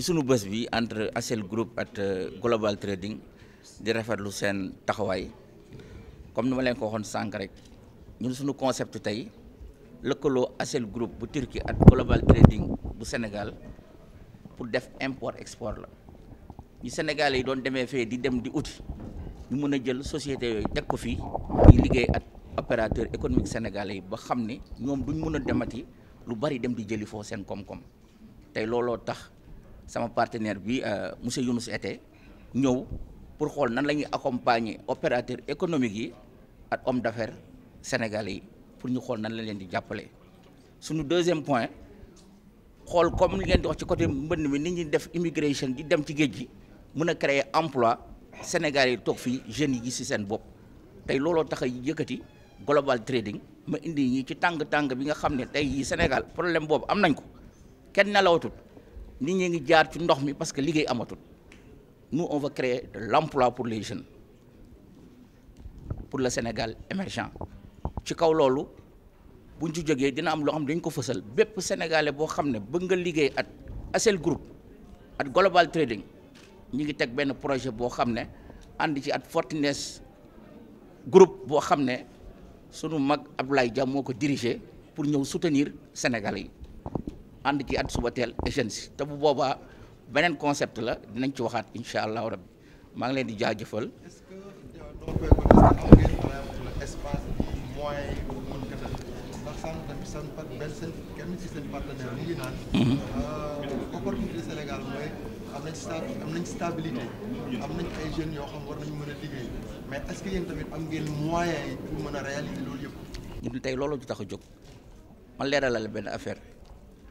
ci sunu bés bi entre Asel Group ak euh, Global Trading di rafetlu seen taxawaay comme ni ma leen ko waxoon sànq rek ñun suñu concept tey lëkkaloo Asel Group bu Turquie ak Global Trading bu Sénégal pour def import export la ñu Sénégalais yi doon demee fee di dem di uti ñu mën a jël société yooyu teg ko fii di liggéey ak opérateur économique sénégalais yi ba xam ni ñoom duñ mën a demati lu bari dem di jëli foofu seen koom-koom tey looloo tax sama partenaire bi euh, monsieur Younous Ete ñëw pour xool nan la ñuy accompagner opérateur économique yi ak homme d'affaires sénégalais yi pour ñu xool nan la leen di jàppale suñu deuxième point xool comme li ngeen di wax ci côté mbënn mi nit ñi def immigration di dem ci géej gi mun a créer emploi sénégal yi toog fii jeunes yi gis si seen bopp tey looloo tax a yëkkati global trading ma indi ñi ci tàng-tàng bi nga xam ne tey yi Sénégal problème boobu am nañ ko kenn nelawatut nit ñi ngi jaar ci ndox mi parce que liggéey amatul nous on veut créer l'emploi pour les jeunes pour le Sénégal émergent ci kaw loolu buñ ci jógee dina am loo xam dañ ko fësal bépp sénégalais boo xam ne bëgg nga liggéey at Assel Group at Global Trading ñi ngi teg benn projet boo xam ne ànd ci at Fortiness Group boo xam ne sunu mag Abdoulaye Dia moo ko diriger pour ñëw soutenir sénégal yi. andi ci at suba teel agence te bu boobaa beneen concept la dinañ ci waxaat incha allahu rabbi maa ngi leen di jaajëfal. est-ce que espace moyen mhm. euh, est-ce que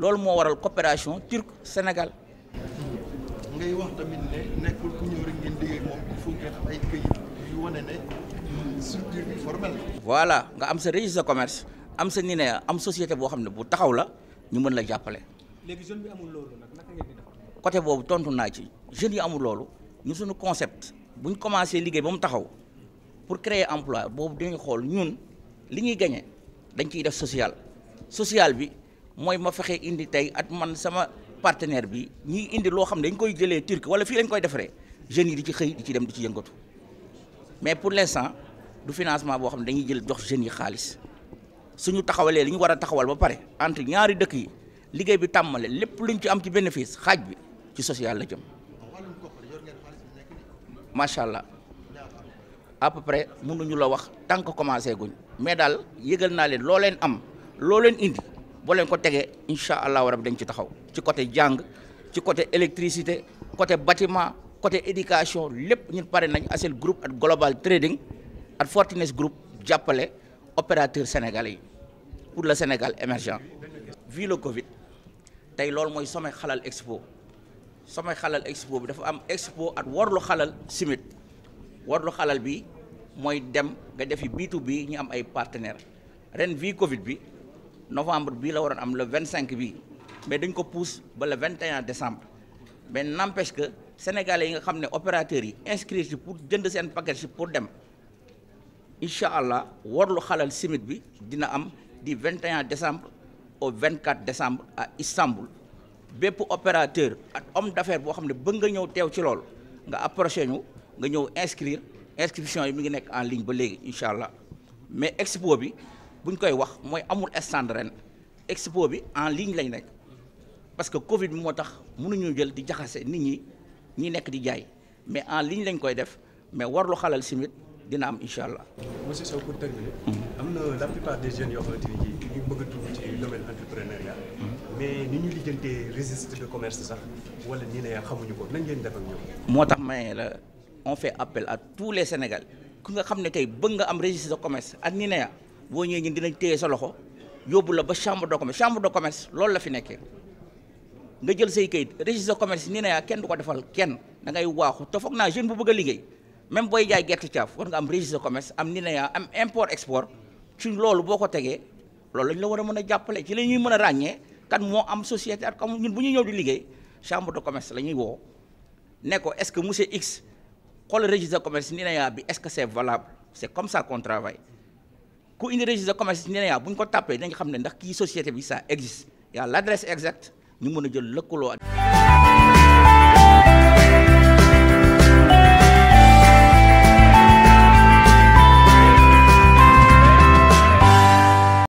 loolu moo waral coopération turc Sénégal. ngay wax tamit ne nekkul ku ñëw rek ngeen liggéey moom il faut ngeen am ay këyit yu wane ne structure bi formel voilà nga am sa registre de commerce am sa ni ne am société boo xam ne bu taxaw la ñu mën la jàppale. léegi jeune bi amul loolu nag naka ngeen di defar. côté boobu tontu naa ci jeune yi amul loolu ñu suñu concept buñ commencé liggéey ba mu taxaw pour créer emploi boobu dañuy xool ñun li ñuy gagné dañ ciy def social social bi. mooy ma fexe indi tey at man sama partenaire bi ñiy indi loo xam ne dañ koy jëlee turc wala fii lañ koy defaree jeunes yi di ci xëy di ci dem di ci yëngatu mais pour l'instant du financement boo xam ne dañuy jël jox jeunes xaalis su ñu taxawalee li ñu war a taxawal ba pare entre ñaari dëkk yi liggéey bi tàmmale lépp luñ ci am ci bénéfice xaaj bi ci social la jëm macha allah à peu près mënuñu la wax tant que commencé guñ mais daal yëgal naa leen loo leen am loo leen indi. boo leen ko tegee incha allahu rabi dañ ci taxaw ci côté jàng ci côté électricité côté bâtiment côté éducation lépp ñun pare nañ ACEL group at global trading at Fortinet group jàppale opérateur sénégalais yi pour le Sénégal émergent vu le Covid tey loolu mooy sommet xalal expo sommet xalal expo bi dafa am expo at warlu xalal summit warlu xalal bi mooy dem nga defi B2B ñu am ay partenaires ren vi Covid bi novembre bii la waroon am le vingt cinq bii mais dañ ko pousse ba le vingt et un décembre mais n'empêche que sénégale yi nga xam ne opérateurs yi inscrits yi pour jënd seen paquet si pour dem incha allah warlu xalal simit bi dina am di vingt et décembre au vingt quatre décembre à Istanbul bépp opérateur ak homme d'affaires boo xam ne bëgg nga ñëw teew ci loolu nga approché ñu nga ñëw inscrire inscription yi mi ngi nekk en ligne ba léegi incha allah mais expo bi. buñ koy wax moy amul stand ren expo bi en ligne lañ nek parce que Covid bi moo tax mënuñu jël di jaxase nit ñi ñi nek di jaay mais en ligne lañ koy def mais warlu xalal simit dina am inshallah monsieur Sow pour terminer. Mm-hmm. am la plupart des jeunes yo xamante ci ñu ngi bëgg a dugg ci domaine entrepreneuriat. Mm-hmm. mais ni ñu lijjantee registre de commerce sax wala nii la xamuñu ko nañ leen def ak ñoom. motax may la on fait appel à tous les Sénégalais ku nga xam tay bëgg nga am registre de commerce ak nii boo ñëwee ñun dinañ téye sa loxo yóbbu la ba chambre de commerce chambre de commerce loolu la fi nekkee nga jël say kayit registre de commerce nii na kenn du ko defal kenn da ngay waaxu te foog naa jeune bu bëgg a liggéey même booy jaay gerte caaf war nga am registre commerce am nii na yaa am import export ci loolu boo ko tegee loolu lañ la war a mën a jàppale ci la ñuy mën a ràññee kan moo am société ak am ñun bu ñuy ñëw di liggéey chambre de commerce la ñuy woo ne ko ce que monsieur X xool registre de commerce bi est-ce que comme ça qu'on travaille ku indi registre de commerce ci NENEA bu ñu ko tàppee dañ xam ne ndax kii société bi ça existe y a l'adresse exacte ñu mën a jël